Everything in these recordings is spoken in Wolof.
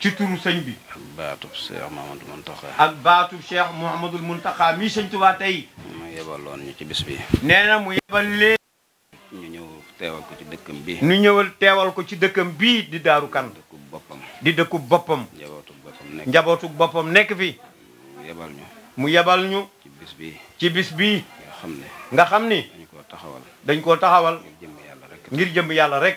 ci turu sëñ bi. ak baatu Cheikh Mouhamadul Mountakha. ak baatub Cheikh Mouhamadul Mountakha mii sëñ tey. mu yebaloon ñu ci bis bi. nee na mu yebal leen. ñu ñëw teewal ko ci dëkkam bi ñu ñëwal teewal ko ci dëkkam bii di Daaru Kan. di dëkkub boppam. di dëkkub boppam. njabootuk boppam nekk fi. mu yebal ñu. mu yebal ñu. ci bis bi ci bis bi nga xam ne. nga xam ni. dañ ko taxawal. dañ koo taxawal. ngir jëmb yàlla rek. ngir jëmb yàlla rek.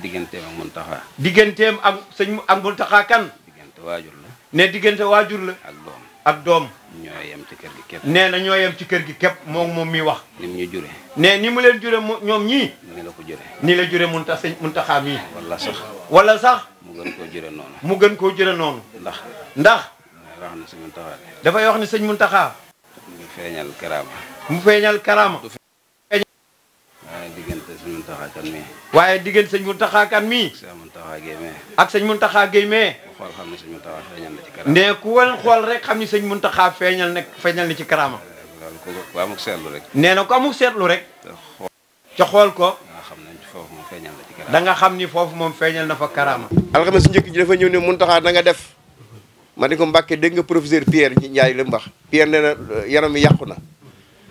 digentem ak muntaha digentem ak señ ak muntaha kan digentem wajur la ne digentem wajur la ak dom ak dom ñoo yem ci kër gi kep ne na ñoo yem ci kër gi kep mo mom mi wax ni ñu juré ne ni mu leen juré ñom ñi ni la ko juré ni la juré munta señ muntaha mi wala sax wala sax mu gën ko juré non mu gën ko juré non ndax ndax wax ne señ muntaha dafa wax ni señ muntaha mu feñal karama mu feñal karama Kan, waye diggante sëñ Muntaxa Kan mi ak sëñ Muntaxa Géy mee. ne ku woon xool rek xam ni sëñ Muntaxa feeñal ne feeñal na ci karaama. nee na ko amuk setlu rek. ci xol ko. da nga xamni ni mom moom na fa karaama. alxames njëkk ji dafa ñew ne Muntaxa da nga def. ma ne ko Mbàkke nga professeur Pierre Ndiaye la mu wax Pierre nee na yaram yi yakuna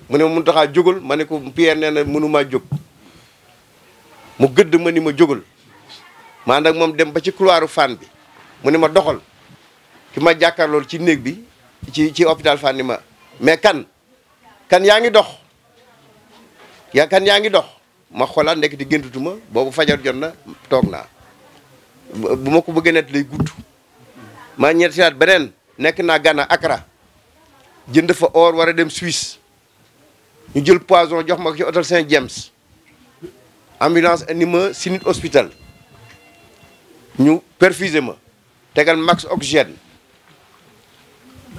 mu ne Muntaxa ma ne ko Pierre nee na mënumaa mu gëdd ma ni ma jógal ma ànd moom dem ba ci couloiru Fann bi mu ne ma doxal ki ma jàkkaarlool ci néeg bi ci ci hôpital Fann ma mais kan kan yaa ngi dox yaa kan yaa ngi dox ma xoolaat nekk di géntutuma boobu fajar jot na toog naa bu ma ko bëggee net lay gudd maa ñettilaat beneen nekk naa Ghana Accra jënd fa or war a dem Suisse ñu jël poisson jox ma ko ci hôtel Saint James ambulance indi SINIT HOSPITAL, nous, hôpital ñu perfuser ma tégal max oxygène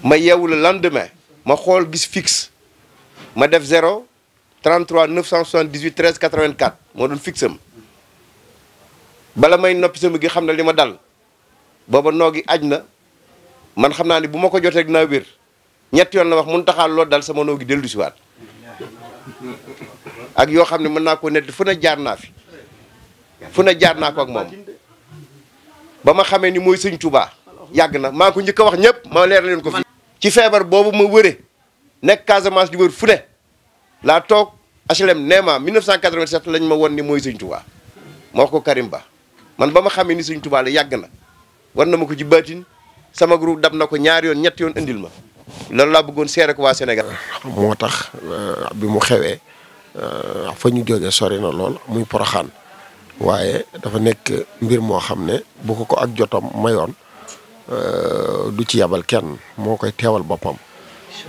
ma yeewu le lendemain ma xol gis fixe ma def 0 33 978 13 84 mo done fixe bala may noppi sama gi xamna lima ma dal booba Nogi Ajna, man xamna ni buma ko joté ak wér ñett yoon la wax mun lo dal sama noo gi dellu si ak yoo xam ne mën naa ko nett fu ne jaar naa fi fu ne jaar naa ko ak moom ba ma xamee ni mooy sëñ Touba yàgg na maa ko njëkk a wax ñëpp ma leer leen ko ci feebar boobu ma wëre nekk Casamance di wër fu ne laa toog HLM Néma 1987 lañ ma won ni mooy sëñ Touba ma ko Karim man ba ma xamee ni sëñ Touba la yàgg na war na ma ko ci baatin sama groupe dab na ko ñaari yoon ñetti yoon indil ma loolu laa bëggoon seere ko waa senegal moo tax euh, bi mu xewee Euh, fa ñu jógee sori na lool muy poroxaan waaye dafa nekk mbir moo xam ne bu ko ko ak jotam mayoon euh, du ci yabal kenn moo koy teewal boppam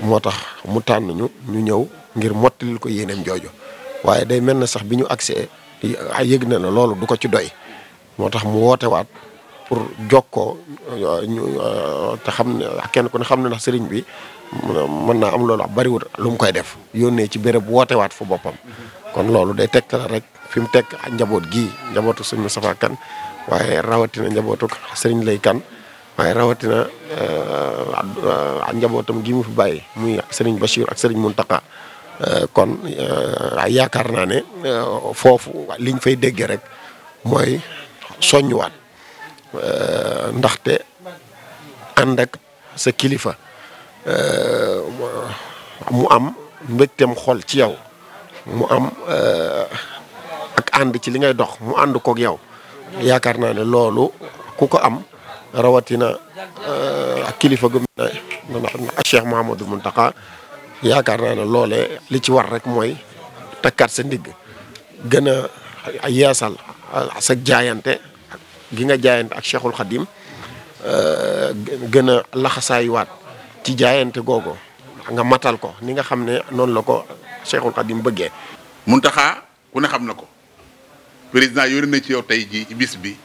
moo tax mu tànn ñu ñu ñëw ngir mottalil ko yéeneem jooju waaye day mel na sax bi ñu agsee yëg na ne loolu du ko ci doy moo tax mu woote waat pour jokkoo euh, ñu euh, te xam ne kenn ku ne xam ne ndax sëriñ bi mën naa am loolu wax bariwul lu mu koy def yónnee ci béréb waat fa boppam. kon loolu day tegtal rek fi mu teg njaboot gii njabootu sëñ Moustapha Kane waaye rawatina njabootu sëriñ Lay Kane waaye rawatina euh, njabootam gii mu fi bàyyi muy sëriñ Bachir ak sëriñ Mountakha. kon yaakaar naa ne foofu liñ fay déggee rek mooy soññuwaat. Euh, ndaxte ànd ak sa kilifa euh, mu am mbégteem xol ci yow mu am euh, ak ànd ci li ngay dox mu ànd koog yow yaakaar naa ne loolu ku ko am rawatina ak kilifa gu mel ne ak Cheikh Mouhamadou Mountakha yaakaar naa ne loole li ci war rek mooy takkaat sa ndigg gën a yeesal sa jaayante ki nga jaayante ak Cheikhul Khadim euh, gën a laxasaayuwaat ci jaayante googu nga matal ko ni nga xam ne noonu la ko Cheikhul Khadim bëggee. mun taxaa ku ne xam na ko président yore na ci yow tey jii ci bis bi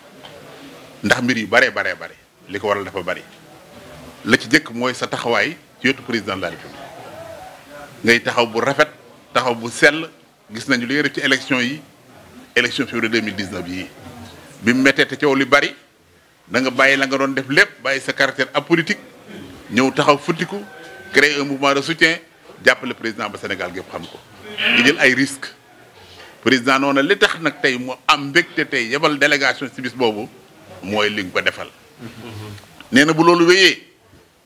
ndax mbir yu baree baree bare li ko waral dafa bari la ci njëkk mooy sa taxawaay ci wetu président de la République ngay taxaw bu rafet taxaw bu sell gis nañu li nga def ci élection yi élection février 2019 yi bi mu méttee te coow li bari da nga bàyyi la nga doon def lépp bàyyi sa caractère apolitique ñëw taxaw futtiku créer un mouvement de soutien jàppale président ba Sénégal gépp xam ko di jël ay risques président noonu li tax nag tey mu am mbégte tey yebal délégation si bis boobu mooy li nga ko defal nee na bu loolu wéyee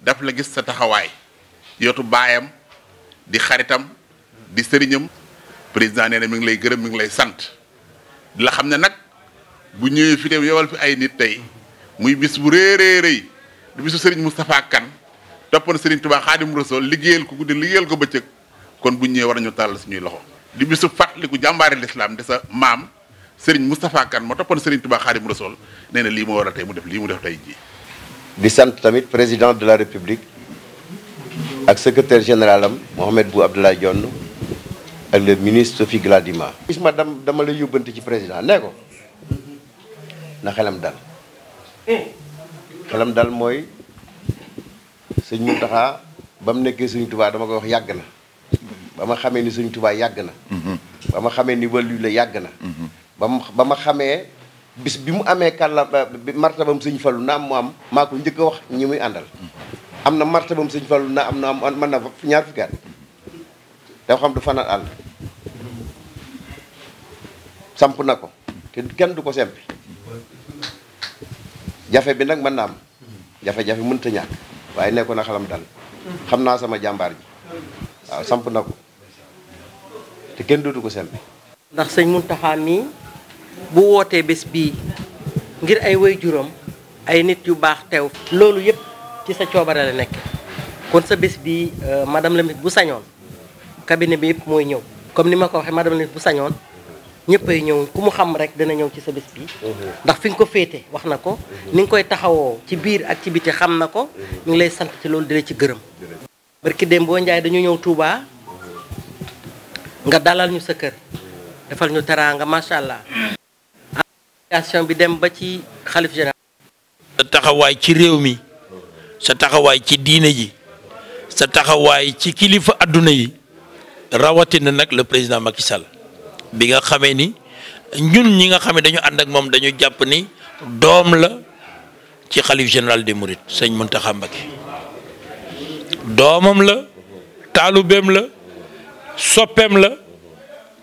daf la gis sa taxawaay yootu baayam di xaritam di sëriñam président nee na mi ngi lay gërëm mi ngi lay sant la xam ne nag bu ñëwee fi dem yowal fi ay nit tey muy bis bu rëy rëy rëy di bisu Serigne Moustapha Kane toppoon Serigne Touba Xaadim Rasuul liggéeyal ko guddi liggéeyal ko bëccëg kon bu ñëwee war nañu tàllal suñuy loxo. di bisu fàttaliku jàmbaari lislaam de sa maam Serigne Moustapha Kane moo toppoon Serigne Touba Xaadim Rasuul nee na lii moo war tey mu def lii mu def tey jii. di sant tamit président de la république ak secretaire général am Mohamed Bou Abdoulaye Dione ak le ministre Sophie Gladima. ma dama dama lay yóbbante ci président nee ko. na xelam dal eh. xelam dal mooy sëñ Muntaxa ba mu nekkee sëñ Tuubaa dama koy wax yàgg na ba ma xamee ni sëñ Tuubaa yàgg na mm-hmm. ba ma xamee ni wàllu la yàgg na mm-hmm. ba ma ba xamee bis bi mu amee kàlla martabam sëñ Fallu na am mu am maa ko njëkk a wax ñi muy àndal mm-hmm. am na martabam sëñ Fallu na am na am mën na ñaar fukki at dafa xam du fanaan àll samp na ko te kenn du ko sempi jafé bi nak man na am jafé jafé mën ta ñak waye nekkoon na xalam dal xamna sama jambar ji waaw samp na te kenn dootu ko sembi ndax sëñ Muntaxa mii bu wootee bes bi ngir ay waajuram ay nit yu bax tew lolu yëpp ci sa ciobara la nek kon sa bes bi euh, madame lamit bu sañon cabinet bi yëpp moy ñew comme ni ko madame lamit bu sañon ñëppay ñew ku mu xam rek dana ñew ci sa bës bi mhm. ndax fi ko fété wax na ko mhm. ni nga koy taxawoo ci biir ak ci biti xam na ko mhm. ñu lay sant ci loolu di ci gëreem barki dem bo ñay dañu ñew Touba nga dalal ñu sa kër defal ñu teraanga macha allah association bi dem ba ci xalif général sa taxaway ci rew mi sa taxaway ci diine ji sa taxaway ci kilifa aduna yi na nak le président Macky Sall bi nga xamee ni ñun ñi nga xam ne dañu ànd ak moom dañu jàpp ni doom la ci xalif général des Mourides sëñ Mountakha Mbacké doomam la taalubeem la soppeem la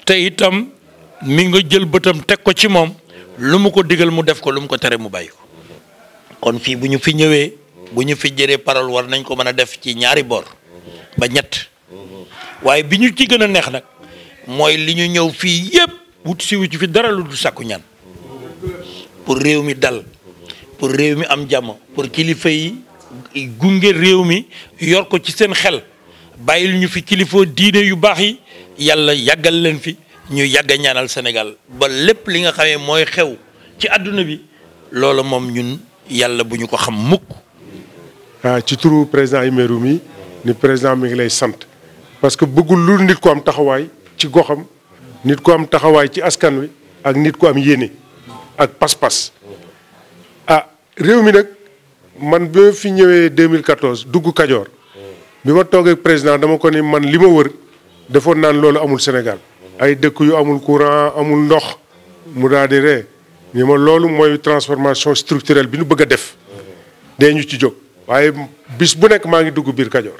te itam mi nga jël bëtam teg ko ci moom lu mu ko digal mu def ko lu mu ko tere mu bàyyi ko kon fii bu ñu fi ñëwee bu ñu fi jëree parole war nañ ko mën a def ci ñaari boor ba ñett waaye bi ñu ci gën a neex nag. mooy li ñu ñëw fii yépp wut si wu ci fi dara lu dul sàkku ñaan pour réew mi dal pour réew mi am jàmm pour kilifa yi gunge réew mi yor ko ci seen xel bàyyil ñu fi kilifa diine yu baax yi yàlla yàggal leen fi ñu yàgg a ñaanal Sénégal ba lépp li nga xamee mooy xew ci àdduna bi loolu moom ñun yàlla bu ñu ko xam mukk waaw ah, ci turu président Imerou mi ni président mi ngi lay sant parce que bëggul lu nit ko am taxawaay ci goxam nit ku am taxawaay ci askan wi ak nit ku am yéene ak pas-pas ah réew mi nag man bi ma fi ñëwee 2014 dugg Kajoor bi ma toogee président dama ko ni man li ma wër defoon naan loolu amul Sénégal ay dëkk yu amul courant amul ndox mu daal di ree ni ma loolu mooy transformation structurelle bi ñu bëgg a def dee ñu ci jóg waaye bis bu nekk maa ngi dugg biir Kajoor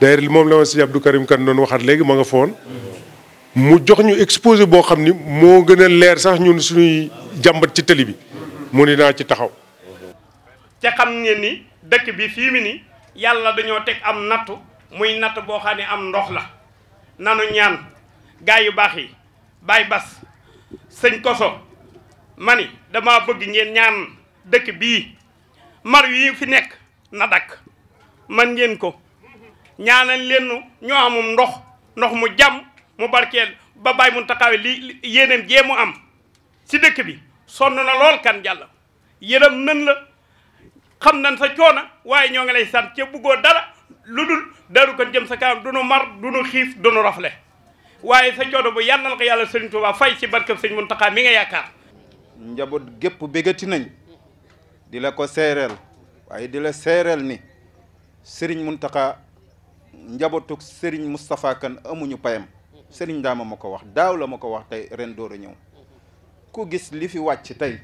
d'ailleurs moom la ma sëñ Abdou Karim kan doon waxaat léegi ma nga foon mu jox ñu exposé boo xam ni moo gën a leer sax ñun suñuy jàmbat ci tëli bi mu ni naa ci taxaw ca xam ngeen ni dëkk bi fii mi ni yàlla dañoo teg am nattu muy natt boo xam ne am ndox la nanu ñaan gaay yu baax yi baay bas sëñ Koso ma ni dama bëgg ngeen ñaan dëkk bii mar yi fi nekk na dakk man ngeen ko ñaanal leen ñoo amum ndox ndox mu jàmm mu barkeel ba bàyyi mun taxawe li yéeneen jee mu am si dëkk bi sonn na lool kan jàll yërëm nan la xam nan sa coona waaye ñoo ngi lay sant ca buggoo dara lu dul daru ko jëm sa kanam du nu du nu xiif du nu rafle waaye sa coono bu yàllal ko yàlla sëriñ Tuubaa fay ci barkeb sëñ Muntaxa mi nga yaakaar njaboot gépp bégati nañ di la ko seereel waaye di la seereel ni sëriñ Muntaxa njabootug sëriñ Moustapha amuñu payam Serigne Ndama ma ko wax daaw la ma ko wax tey ren door a ñëw ku gis li fi wàcc tey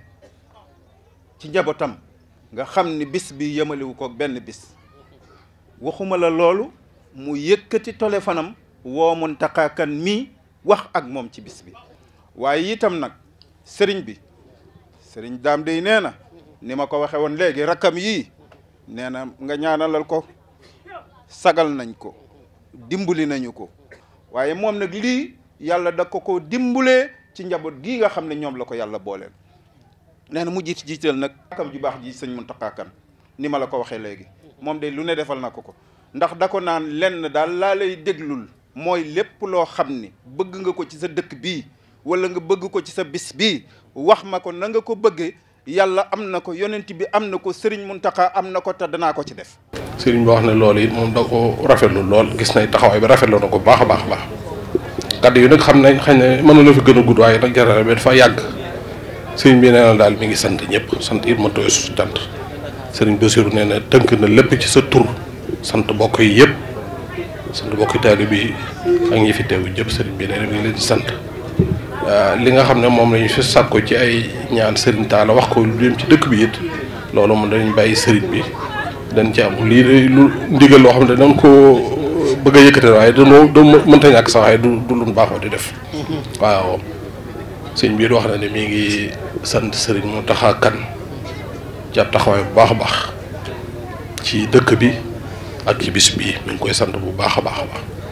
ci njabootam nga xam ni bis bi yëmaliwu ko benn bis waxuma la loolu mu yëkkati téléphonam woo Mountakha Kane mii wax ak moom ci bis bi waaye itam nag sëriñ bi sëriñ daam day nee na ni ma ko waxe woon léegi rakkam yii nee na nga ñaanalal ko sagal nañ ko dimbali nañu ko waaye moom nag lii yàlla da ko ko dimbulee ci njaboot gii nga xam ne ñoom la ko yàlla booleel nee na mu jiit jiital nag akam ju baax ji sëñ Mountakha Kane ni ma la ko waxee léegi moom de lu ne defal na ko ko ndax da ko naan lenn daal laa lay déglul mooy lépp loo xam ni bëgg nga ko ci sa dëkk bi wala nga bëgg ko ci sa bis bi wax ma ko na nga ko bëggee yàlla am na ko yonent bi am na ko sëriñ Muntaxa am na ko te danaa ko ci def. sëriñ boo wax ne loolu it moom da ko rafetlu lool gis nañ taxawaay bi rafetlu na ko baax a baax a baax kàddu yi nag xam nañ xëy na mën na fi gën a gudd waaye nag jarale bi dafa yàgg sëriñ bi nee daal mi ngi sant ñëpp sant it ma tooy su sant sëriñ Bassirou nee na tënk na lépp ci sa sant bokk yi yëpp sant bokk taalibe bi ak ñi fi teew yëpp sëriñ bi nee mu ngi leen di sant. Euh, li nga xamne mom lañu la ñu fi sàkko ci ay ñaan serigne taala wax ko lu dem ci dëkk bi it loolu mo dañu bayyi serigne bi dañ ci am li lu ndigal lo xamne dañ ko bëgg yëkëte way do mo da mënta ñàkk sax waaye du du lu baax di def waaw sëñ biir wax na ni mi ngi sant serigne mu taxa kan ci ab taxawaay bu baax baax ci dëkk bi ak ci bis bi mi ngi koy sant bu baax baax baax